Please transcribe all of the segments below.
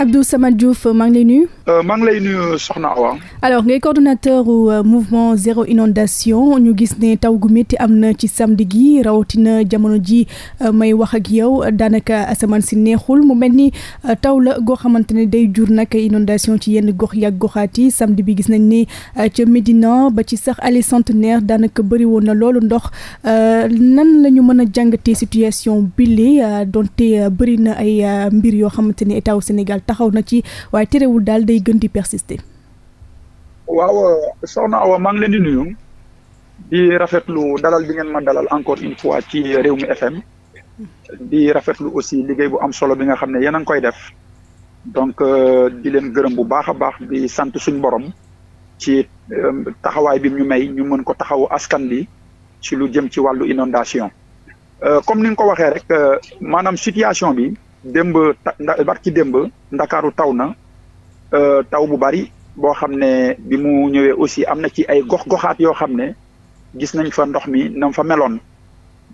Abdou Samad Diouf maa ngi lay nuyu. Euh, maa ngi lay nuyu Soxna Awa. alors ngay coordonnateur euh, mouvement zéro inondation ñu gis ne taw gu métti am na ci samedi gi rawatina jamono ji euh, may wax ak yow daanaka asamaan si neexul mu mel ni taw la goo xamante ne day jur nag inondation ci yenn gox yàgg goxaat yi samedi bi gis nañ ni ca Médina ba ci sax allée Centenaire daanaka bëri woon na loolu ndox nan la ñu mën a jàngatee situation bile donte bëri na ay mbir yoo xamante ne état au Sénégal. taxaw na ci waaye terewul daal day gën di persister. waaw soxna Awa maa ngi leen di nuyu. di rafetlu dalal bi ngeen ma dalal encore une fois ci Rewmi FM. di rafetlu aussi liggéey bu am solo bi nga xam ne yéen a ngi koy def. donc euh, di leen gërëm bu baax a baax bi sant suñu borom. ci euh, taxawaay bi ñu may ñu mën ko taxawu askan bi si lu jëm ci wàllu inondation euh, comme ni nga ko waxee rek maanaam situation bi. démb barki démb ndakaaru taw na euh, taw bu bari boo xam ne bi mu ñëwee aussi am na ci ay gox-goxaat yoo xam ne gis nañ fa ndox mi na fa meloon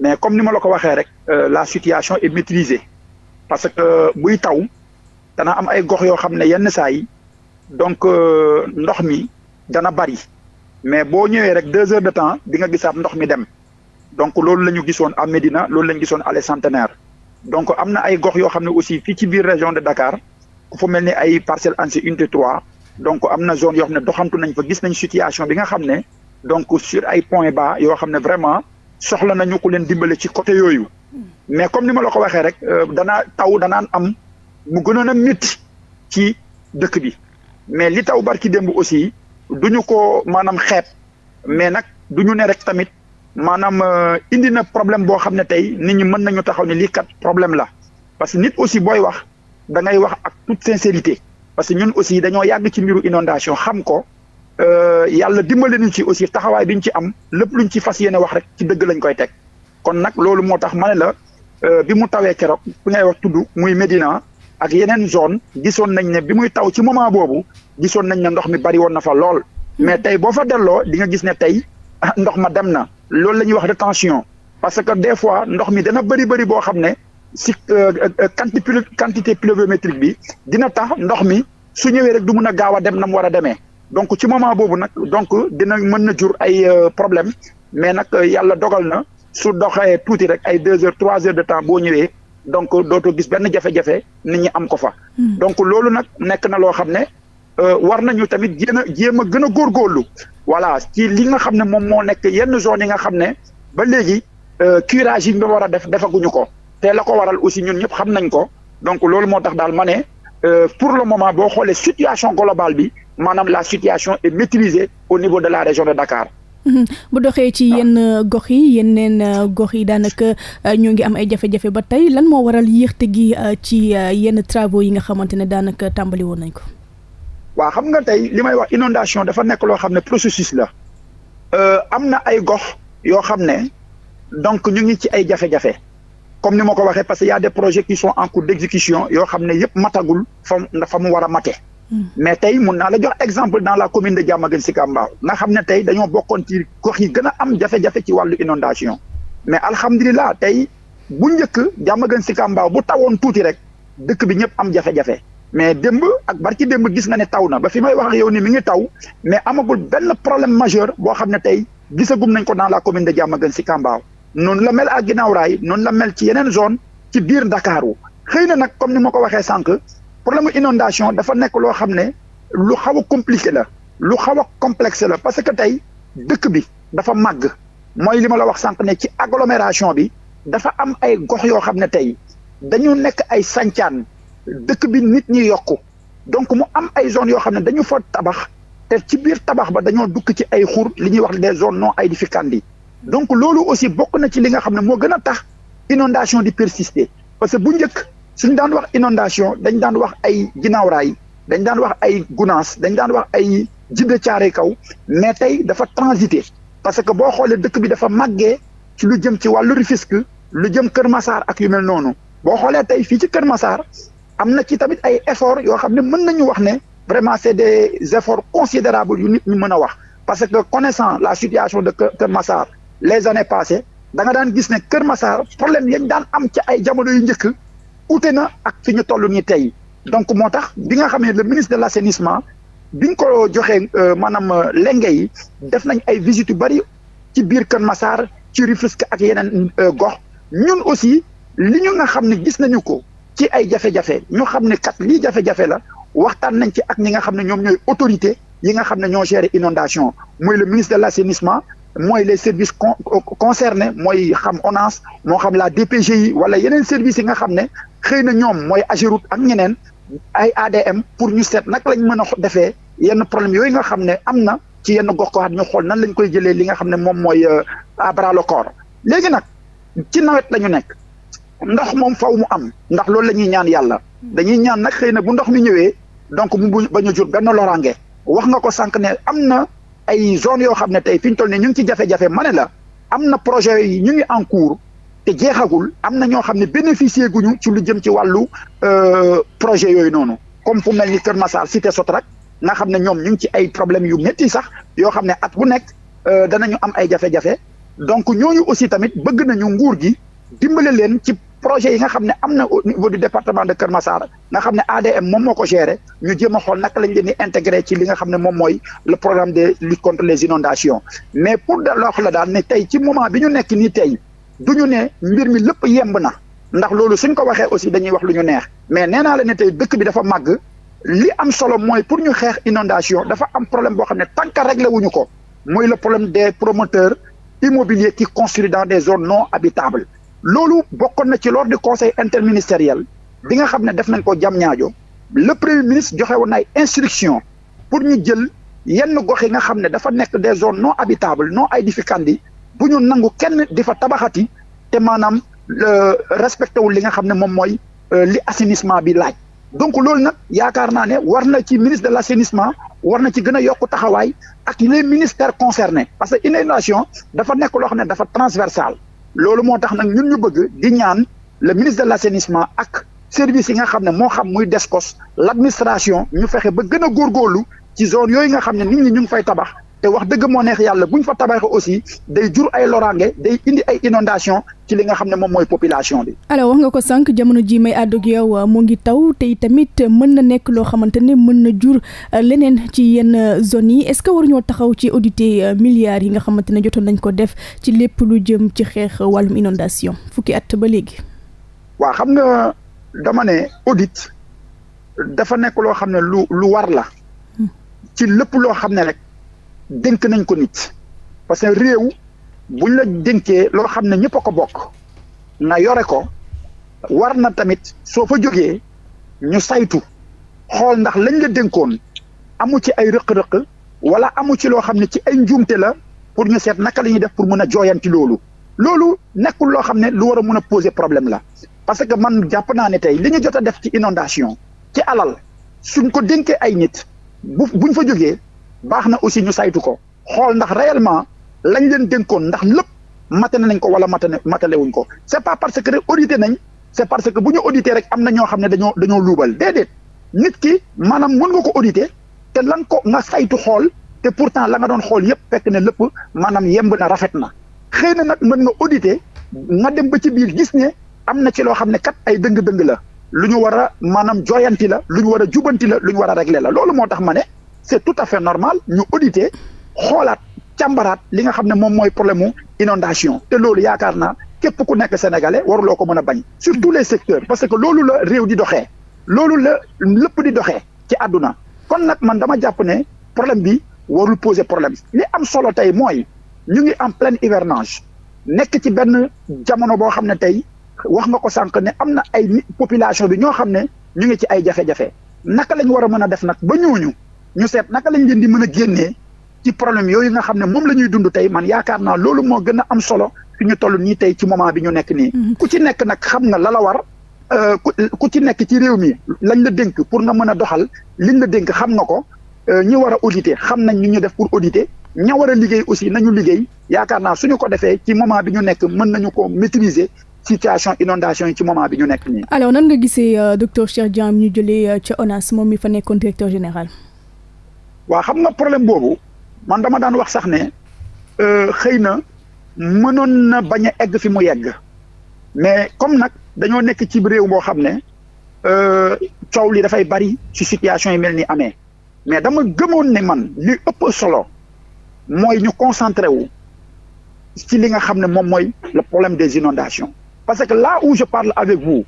mais comme ni ma la ko waxee rek euh, la situation est maîtrisée parce que euh, buy taw dana am ay gox yoo xam ne yenn saay yi donc ndox mi dana bari mais boo ñëwee rek deux heures de temps di nga gisaat ndox mi dem donc loolu la ñu gisoon à Médina loolu la gisoon à les centenaire donc am na ay gox yoo xam ne aussi fii ci biir région de Dakar ku fa mel ni ay Parcelles Assainies unité 3 donc am na zone yoo xam ne doxantu nañ fa gis nañ situation bi nga xam ne donc sur ay point bas yoo xam ne vraiment soxla nañu ku leen dimbale ci côté yooyu mais comme ni ma la ko waxee rek euh, danaa taw danaan am mu gënoon a métti ci dëkk bi mais li taw barki demb aussi duñu ko maanaam xeeb mais nag ñu ne rek tamit maanaam euh, indi na problème boo xam ne tey nit ñi mën nañu taxaw ne lii kat problème la parce que nit aussi booy wax dangay wax ak toute sincérité parce que ñun aussi dañoo yàgg ci mbiru inondation xam ko euh, yàlla dimbale nañu ci aussi taxawaay bi ñu ci am lépp luñ ci fas yéene wax rek ci dëgg lañu koy teg kon nag loolu moo tax ma ne la euh, bi mu tawee keroog fi ngay wax tudd muy Médina ak yeneen zone gisoon nañ ne bi muy taw ci moment boobu gisoon nañ ne ndox mi bari woon na fa lool mais mm-hmm. tey boo fa delloo di nga gis ne tey. ndox ma dem na loolu la ñuy wax tension parce que des fois ndox mi dana bëri bëri boo xam ne si euh, euh, quantité quantité pluviométrique bi dina tax ndox mi su ñëwee rek du mun a gaaw a dem na mu war a demee donc ci moment boobu nag donc dina mën na jur ay euh, problème mais nag yàlla dogal na su doxee tuuti rek ay deux heures trois heures de temps boo ñëwee donc dooto gis benn jafe-jafe nit ñi am ko fa. Hmm. donc loolu nag nekk na loo xam ne war nañu tamit jéem a jéem a gën a góorgóorlu voilà ci li nga xam ne moom moo nekk yenn zone yi nga xam ne ba léegi euh, curage yi ñu war a def defaguñu ko te la ko waral aussi ñun ñëpp xam nañ ko donc loolu moo tax daal ma ne euh, pour le moment boo xoolee situation globale bi maanaam la situation est maîtrisée au niveau de la région de Dakar. bu doxee ci ah. yenn euh, gox yi yeneen gox yi daanaka ñoo ngi am ay jafe-jafe ba tey lan moo waral yéexte gi ci yenn travaux yi nga xamante ne daanaka tàmbali woon nañ ko. waa xam nga tey li may wax inondation dafa nekk loo xam ne processus la euh, am na ay gox yoo xam ne donc ñu ngi ci ay jafe-jafe comme ni ma ko waxee parce que y a des projets qui en cours d'exécution yoo xam ne yëpp matagul fa fa mu war a mate hmm. mais tey mun naa la jox exemple dans la commune de Diamaguène si Mbao nga xam ne tey dañoo bokkoon ci gox yi gën a am jafe-jafe ci wàllu inondation mais alhamdulilah tey bu njëkk Diamaguène Sicap Mbao bu tawoon tuuti rek dëkk bi ñëpp am jafe mais dëmb ak ci démb gis nga ne taw na ba fi may wax ak yow nii mi ngi taw mais amagul benn problème majeur boo xam ne tey gisagum nañ ko dans la commune de Diamaguène Sicap Mbao noonu la mel ak ginnaaw raay noonu la mel ci yeneen zone ci biir Ndakaaru xëy na nag comme ni ma ko waxee sànq problème inondation dafa nekk loo xam ne lu xaw a compliqué la lu xaw a complexe la parce que tey dëkk bi dafa màgg mooy li ma la wax sànq ne ci agglomération bi dafa am ay gox yoo xam ne tey dañu nekk ay sancaan dëkk bi nit ñi yokku donc mu am ay zones yoo xam ne dañu fa tabax te ci biir tabax ba dañoo dukk ci ay xur li ñuy wax des zones non aedificandi donc loolu aussi bokk na ci li nga xam ne moo gën a tax inondation di persister parce que bu njëkk suñu daan wax inondation dañ daan wax ay ginaawraay dañ daan wax ay gunaas dañu daan wax ay jidde caare kaw mais tey dafa transité parce que boo xoolee dëkk bi dafa màggee ci lu jëm ci wàllu Rufisque lu jëm Kër Massar ak yu mel noonu boo xoolee tey fii ci Kër Massar am na ci tamit ay efforts yoo xam ne mën nañu wax ne vraiment c'est des efforts considérables yu nit ñu mën a wax parce que connaissant la situation de Kër Massar les années passées danga daan gis ne Kër Massar problème yañ daan am ci ay jamono yu njëkk ute na ak fi ñu toll nii tey donc moo tax bi nga xam ne le ministre de l'assainissement biñ ko joxe euh, maanaam euh, lenge yi def nañ ay visites yu bari ci biir Kër Massar ci Rufisque ak yeneen euh, gox ñun aussi li nga xam ne gis nañu ko ci ay jafe-jafe ñu xam ne kat li jafe-jafe la waxtaan nañ ci ak ñi nga xam ne ñoom ñooy autorité yi nga xam ne ñoo gérer inondation mooy le ministre de l'assainissement mooy les services con concernés mooy xam ONAS moo xam la yi wala yeneen services yi nga xam ne xëy na ñoom mooy Ageroute ak ñeneen ay ADM pour ñu seet naka lañ mën a defee yenn problème yooyu nga xam ne am na ci yenn gox ko goxaat ñu xool nan lañ koy jëlee li nga xam ne moom mooy euh, à bras léegi nag ci nawet la ñu nekk ndax moom faw mu am ndax loolu la ñuy ñaan yàlla dañuy ñaan nag xëy na bu ndox mi ñëwee donc mu bañ a jur benn loraange wax nga ko sànq ne am na ay zone yoo xam ne tey fi ñu toll ne ñu ngi ci jafe ma ne la am na projet ñu ngi en te jeexagul am na ñoo xam ne bénéficier guñu ci lu jëm ci wàllu euh, projet yooyu noonu comme fu mel ni Kër Massar Cité Sotrac nga xam ne ñoom ñu ngi ci ay problèmes yu métti sax yoo xam ne at bu nekk euh, danañu am ay jafe-jafe donc ñooñu aussi tamit bëgg nañu nguur gi dimbale leen ci projet yi nga xam ne am na au niveau du département de Kër Massar nga xam ne ADM moom moo ko géré ñu jéem a xool naka lañ leen di intégré ci li nga xam ne moom mooy le programme de lutte contre les inondations mais pour de la daal ne tey ci moment bi ñu nekk nii tey du ñu ne mbir mi lépp yemb na ndax loolu suñ ko waxee aussi dañuy wax lu ñu neex mais nee naa la ne tey dëkk bi dafa màgg li am solo mooy pour ñu xeex inondation dafa am problème boo xam ne tant que wuñu ko mooy le problème des promoteurs immobiliers qui dans des zones non habitables loolu bokkoon na ci lors du conseil interministériel bi nga xam ne def nañ ko jam ñaajo le premier ministre joxe woon ay instruction pour ñu jël yenn gox yi nga xam ne dafa nekk des zones non habitables non ay aedificandi bu ñu nangu kenn di fa tabaxati te maanaam euh, respecté wul li nga xam ne moom mooy euh, li assainissement bi laaj donc loolu nag yaakaar naa ne war na ci ministre de l' assainissement war na ci gën a yokk taxawaay ak les ministères concerné parce que inondation dafa nekk loo xam ne dafa transversal loolu moo tax nag ñun ñu bëgg di ñaan le ministre de l'assainissement ak service yi nga xam ne moo xam muy DESCOS l'administration ñu fexe ba gën a góor góorgóorlu ci zone yooyu nga xam ne nit ñi ñu ngi fay tabax te wax dëgg moo neex yàlla bu ñu fa tabaxee aussi day jur ay loraange day indi ay inondation ci li nga xam ne moom mooy population bi. alors wax nga ko sànq jamono ji may àddug yow euh, mu ngi taw tey tamit mën na nekk loo xamante ne mën na jur euh, leneen ci yenn euh, zones yi est-ce que waruñoo taxaw ci auditer milliards yi nga xamante ne jotoon nañ ko def ci lépp lu jëm ci xeex wàllum inondation fukki at ba léegi. waa xam nga dama ne audit dafa nekk loo xam ne lu lu war la. Hmm. ci lépp loo xam ne rek. dénk nañ ko nit parce que réew buñ la dénkee loo xam ne ñëpp ko bokk nga yore ko war na tamit soo fa jógee ñu saytu xool ndax lañ la dénkoon amu ci ay rëq-rëq wala amu ci loo xam ne ci ay njuumte la pour ñu seet naka la ñuy def pour mën a jooyanti loolu loolu nekkul loo xam ne lu war a mën a poser problème la parce que man jàpp naa ne tey li ñu jot a def ci inondation ci alal suñ ko dénkee ay nit bu buñ fa jógee baax na aussi ñu saytu ko xool ndax réellement lañ leen dénkoon ndax lépp matane nañ ko wala matane matale wuñ ko c'est pas parce que rek audité nañ c'est parce que bu ñu audité rek am na ñoo xam ne dañoo dañoo luubal déedéet nit ki maanaam mën nga ko audité te lan ko nga saytu xool te pourtant la nga doon xool yëpp fekk ne lépp maanaam yemb na rafet na xëy na nag mën nga audité nga dem ba ci biir gis ne am na ci loo xam ne kat ay dëng-dëng la lu ñu war a maanaam joyanti la lu ñu war a jubanti la lu ñu war a réglé la loolu moo tax ma ne c'est tout à fait normal ñu audité xoolaat càmbaraat li nga xam ne moom mooy problème inondation te loolu yaakaar naa képp ku nekk sénégalais waruloo ko mën a bañ sur tous les secteurs parce que loolu la réew di doxee loolu la lépp di doxe ci àdduna kon nag man dama jàpp ne problème bi warul poser problème li am solo tey mooy ñu ngi en pleine hivernage nekk ci benn jamono boo xam ne tey wax nga ko sànq ne am na ay population bi ñoo xam ne ñu ngi ci ay jafe-jafe naka lañ war a mën a def nag ba ñooñu ñu seet naka lañ leen di mën a génnee ci problème yooyu nga xam ne moom la ñuy dund tey man yaakaar naa loolu moo gën a am solo fi ñu toll nii tey ci moment bi ñu nekk nii. Mm-hmm. ku ci nekk nag xam nga la la war. Euh, ku ci nekk ci réew mi lañ la dénk pour nga mën a doxal liñ la dénk xam nga ko euh, ñi war a auditer xam nañ ñu ñu def pour auditer ña war a liggéey aussi nañu liggéey yaakaar naa suñu ko defee ci moment bi ñu nekk mën nañu ko maîtriser situation inondation yi ci moment bi ñu nekk nii. nan nga gisee euh, docteur Cheikh Dieng ñu jëlee ca ONAS moom mi fa nekkoon directeur général. waa xam nga problème boobu man dama daan wax sax ne euh, xëy na mënoon na bañ a egg fi mu yegg mais comme nag dañoo nekk ci réew boo xam ne euh, coow li dafay bari ci situation yi mel ni amee mais dama gëmoon ne man li ëpp solo mooy ñu concentré wu ci li nga xam ne moom mooy le problème des inondations parce que là où je parle avec vous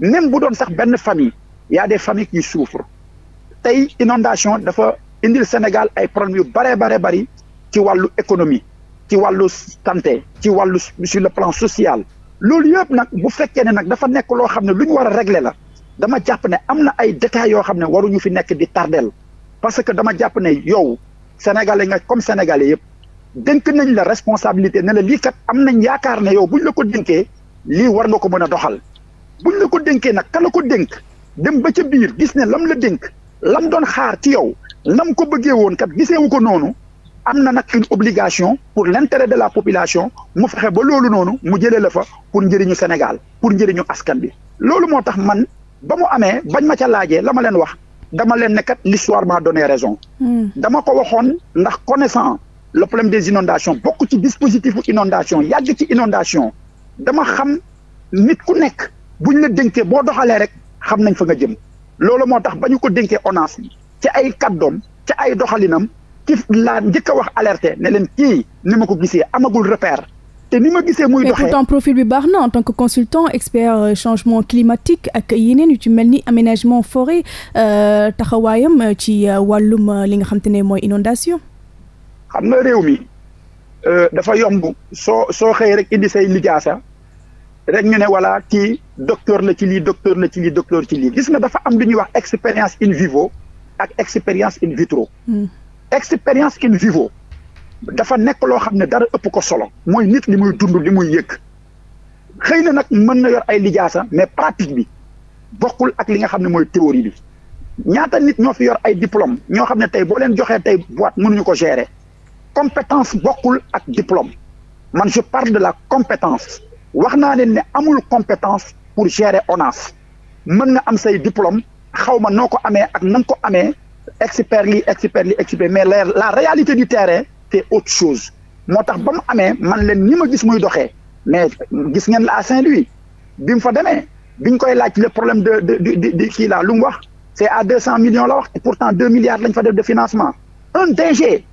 même bu doon sax benn famille y a des familles qui souffrent tey inondation dafa indil Sénégal ay problèmes yu bare bare bari ci wàllu économie ci wàllu santé ci wàllu sur le plan social loolu yëpp nag bu fekkee ne nag dafa nekk loo xam ne lu ñu war a régler la dama jàpp ne am na ay détails yoo xam ne waruñu fi nekk di tardeel parce que dama jàpp ne yow sénégalais nga comme sénégalais yëpp dënk nañ la responsabilité ne la lii kat am nañ yaakaar ne yow buñ la ko dënkee lii war nga ko mën a doxal bu ñu la ko dénkee nag ka la ko dénk dem ba ca biir gis ne lam la dénk lam doon xaar ci yow nam ko bëggee woon kat giseewu ko noonu am na nag obligation pour l'intérêt de la population mu fexe ba loolu noonu mu jëlee la fa pour njëriñu Sénégal pour njëriñu askan bi loolu moo tax man ba mu amee bañ ma ca laajee la ma leen wax dama leen nekkat kat l'histoire m'a donné raison hmm. dama ko waxoon ndax connaissant le problème des inondations bokk ci dispositif inondation yàgg ci inondation dama xam nit ku nekk bu ñu la dénkee boo doxalee rek xam nañ fa nga jëm loolu moo tax ba ñu ko dénkee ONAS ci ay kaddoom ci ay doxalinam ki laa njëkk a wax alerte ne leen kii ni ma ko gisee amagul repère te ni ma gisee muy doxee mais bi baax na en tant que consultant expert euh, changement climatique ak yeneen yu ci mel ni aménagement forêt euh, taxawaayam euh, ci wàllum li nga xam te ne mooy inondation xam na réew mi dafa yomb soo soo xëy rek indi say lijaasa rek ñu ne voilà kii docteur la ci lii docteur la ci lii docteur ci lii gis nga dafa am lu ñuy wax expérience in vivo ak expérience in vitro. Hmm. expérience in vivo. dafa nekk loo xam ne dara ëpp ko solo. mooy nit li muy dund li muy yëg. xëy na nag mën na yor ay lijaa lijaasa mais pratique bi bokkul ak li nga xam ne mooy théorie bi ñaata nit ñoo fi yor ay diplôme ñoo xam ne tey boo leen joxee tey boîte mënuñu ko gérer compétence bokkul ak diplôme man je parle de la compétence wax naa leen ne amul compétence pour gérer ONAS mën nga am say diplôme xaw ma noo ko amee ak nan ko amee expert li expert li expert mais la la réalité du terrain c'est autre chose moo tax ba mu amee man leen ni ma gis muy doxee mais gis ngeen la à Saint-Louis bi mu fa demee biñ koy laaj le problème de de de de la lu mu wax c'est à deux cent millions la wax et pourtant deux milliards lañ fa def de financement un DG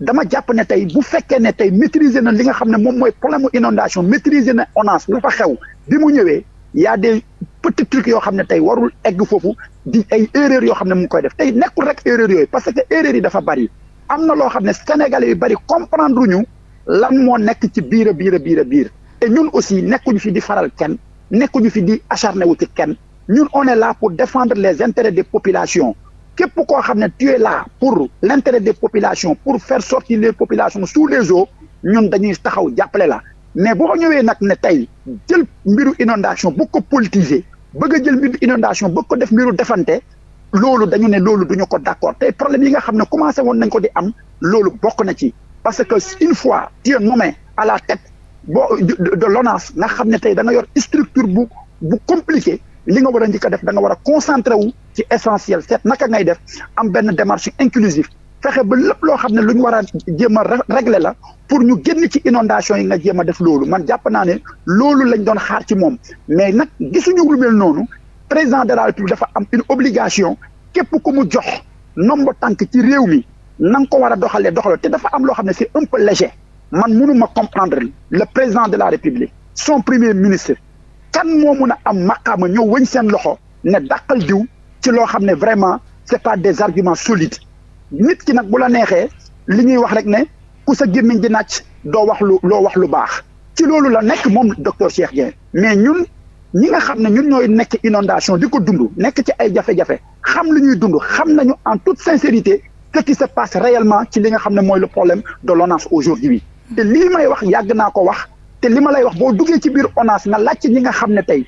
dama jàpp ne tey bu fekkee ne tey maitriser na li nga xam ne moom mooy problème inondation maîtriser na ONAS lu fa xew bi mu ñëwee y a des petits trucs yoo xam ne tey warul egg foofu di ay erreurs yoo xam ne mu ngi koy def tey nekkul rek erreurs yooyu parce que erreurs yi dafa bari am na loo xam ne sénégalais yi bari comprendre ñu lan moo nekk ci biir a biir biir a biir te ñun aussi nekkuñu fi di faral kenn nekkuñu fi di acharné wu ci kenn ñun on est là pour défendre les intérêts des population képp koo xam ne tu la là pour l'intérêt de population pour faire sortir les population sous les eaux ñun dañuy taxaw jàppale la mais boo ñëwee nag ne tey jël mbiru inondation bu ko politiser bëgg a jël mbiru inondation bëgg ko def mbiru defante loolu dañu ne loolu duñu ko d'accord te problème yi nga xam ne commencé woon nañ ko di am loolu bokk na ci parce que une fois tu es nommé à la tête boo de l'ONAS nga xam ne tey da nga yor structure bu bu li nga war a njëkk a def da nga war a concentré wu ci essentiel seet naka ngay def am benn démarche inclusive fexe ba lépp loo xam ne lu ñu war a jéem a régler la pour ñu génn ci inondation yi nga jéem a def loolu man jàpp naa ne loolu lañ doon xaar ci moom mais nag gisuñu lu mel noonu président de la république dafa am une obligation képp ku mu jox nombre tànk ci réew mi na ko war a doxalee doxalee te dafa am loo xam ne c'est un peu léger man mënuma comprendre le président de la république son premier ministre kan moo mun a am maqaama ñëw wëñ seen loxo ne dàqal diw ci loo xam ne vraiment c'est pas des arguments solides nit ki nag bu la neexee li ñuy wax rek ne ku sa gémmiñ di nàcc doo wax lu loo wax lu baax ci loolu la nekk moom docteur Cheikh Dieng mais ñun ñi nga xam ne ñun ñooy nekk inondation di ko dund nekk ci ay jafe-jafe xam lu ñuy dund xam nañu en toute sincérité ce qui se passe réellement ci li nga xam ne mooy le problème de l'ONAS aujourd'hui te lii may wax yàgg naa ko wax te li ma lay wax boo duggee ci biir ONAS nga laajte ñi nga xam ne tey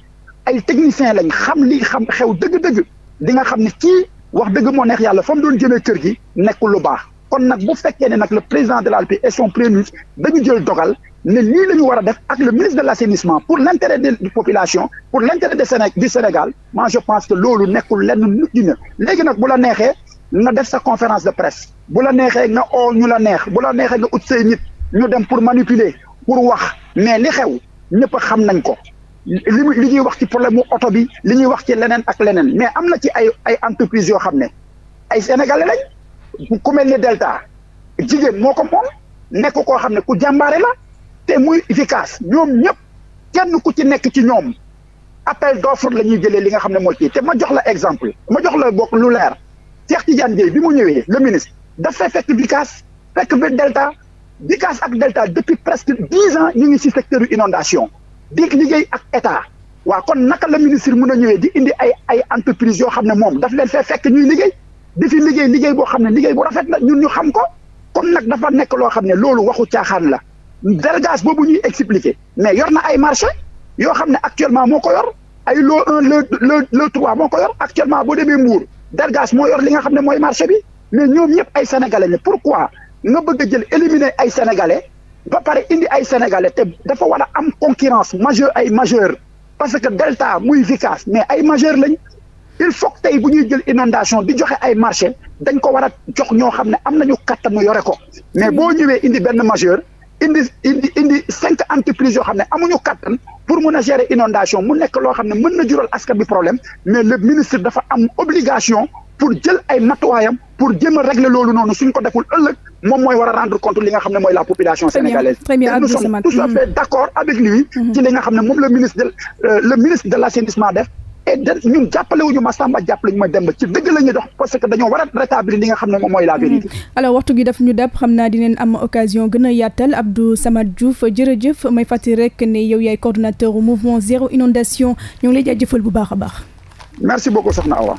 ay techniciens lañ xam li xam xew dëgg-dëgg nga xam ne kii wax dëgg moo neex yàlla fa mu doon jëmee kër gi nekkul lu baax kon nag bu fekkee ne nag le président de la République et son premier ministre dañu jël dogal ne lii la ñu war a def ak le ministre de l'assainissement pour l'intérêt des populations pour l'intérêt des Séné du Sénégal moi je pense que loolu nekkul lenn nit ñi ne léegi nag bu la neexee nga def sa conférence de presse bu la neexee nga oo ñu la neex bu la neexee nga ut say nit ñu dem pour manipuler pour wax mais li xew ñëpp xam nañ ko li ñuy wax ci problème mu oto bi li ñuy wax ci leneen ak leneen mais am na ci ay ay entreprises yoo xam ne ay sénégalais lañ ku mel ni Delta jigéen moo ko moom nekk koo xam ne ku jàmbaare la te muy efficace ñoom ñëpp kenn ku ci nekk ci ñoom appel d'offre la ñuy jëlee li nga xam ne moo ci te ma jox la exemple ma jox la bokk lu leer Cheikh Tidiane Dièye bi mu ñëwee le ministre dafay fekk Bicas fekk bi Delta Bicas ak Delta depuis presque dix ans ñu ngi ci secteur inondation di liggéey ak état waaw kon naka la ministre mun a ñëwee di indi ay ay entreprise yoo xam ne moom daf leen fee fekk ñuy liggéey di fi liggéey liggéey boo xam ne liggéey bu rafet na ñun ñu xam ko kon nag dafa nekk loo xam ne loolu waxu caaxaan la délégage boobu ñuy expliqué mais yor na ay marché yoo xam ne actuellement moo ko yor ay loo un le le le trois moo ko yor actuellement boo demee Mbour délégage moo yor li nga xam ne mooy marché bi mais ñoom ñëpp ay sénégalais ne nga bëgg jël éliminer ay sénégalais ba pare indi ay sénégalais te dafa war a am concurrence majeur ay majeur parce que Delta muy Vicas mais ay majeur lañ il faut que tey bu ñuy jël inondation di joxe ay marché dañ ko war a jox ñoo xam ne am nañu kattanu yore ko mais boo ñëwee indi benn majeur indi indi indi cinq entreprises yoo xam ne amuñu kattan pour mun a gérer inondation mu nekk loo xam ne mën na jural askan bi problème mais le ministre dafa am obligation pour jël ay matuwaayam pour jéem a régler loolu noonu suñ ko deful ëllëg moom mooy wara a rendre compte li nga xam ne mooy la population sénégalaise et nous sommes tout à fait mm-hmm. mm-hmm. xam ne moom le ministre de euh, le ministre de l' assainissement def et da ñun jàppale wuñu ma Samba jàppale ñu ma Demba ci dëgg la ñuy dox parce que dañoo war a rétablir li nga xam ne moom mooy la mm-hmm. vérité. alors waxtu gi daf ñu dab xam naa dinañ am occasion gën a yaatal Abdou Samad Diouf jërëjëf may fàttali rek ne yow yaay coordonnateur mouvement zéro inondation ñu ngi lay jaajëfal bu baax a baax. merci beaucoup soxna Awa.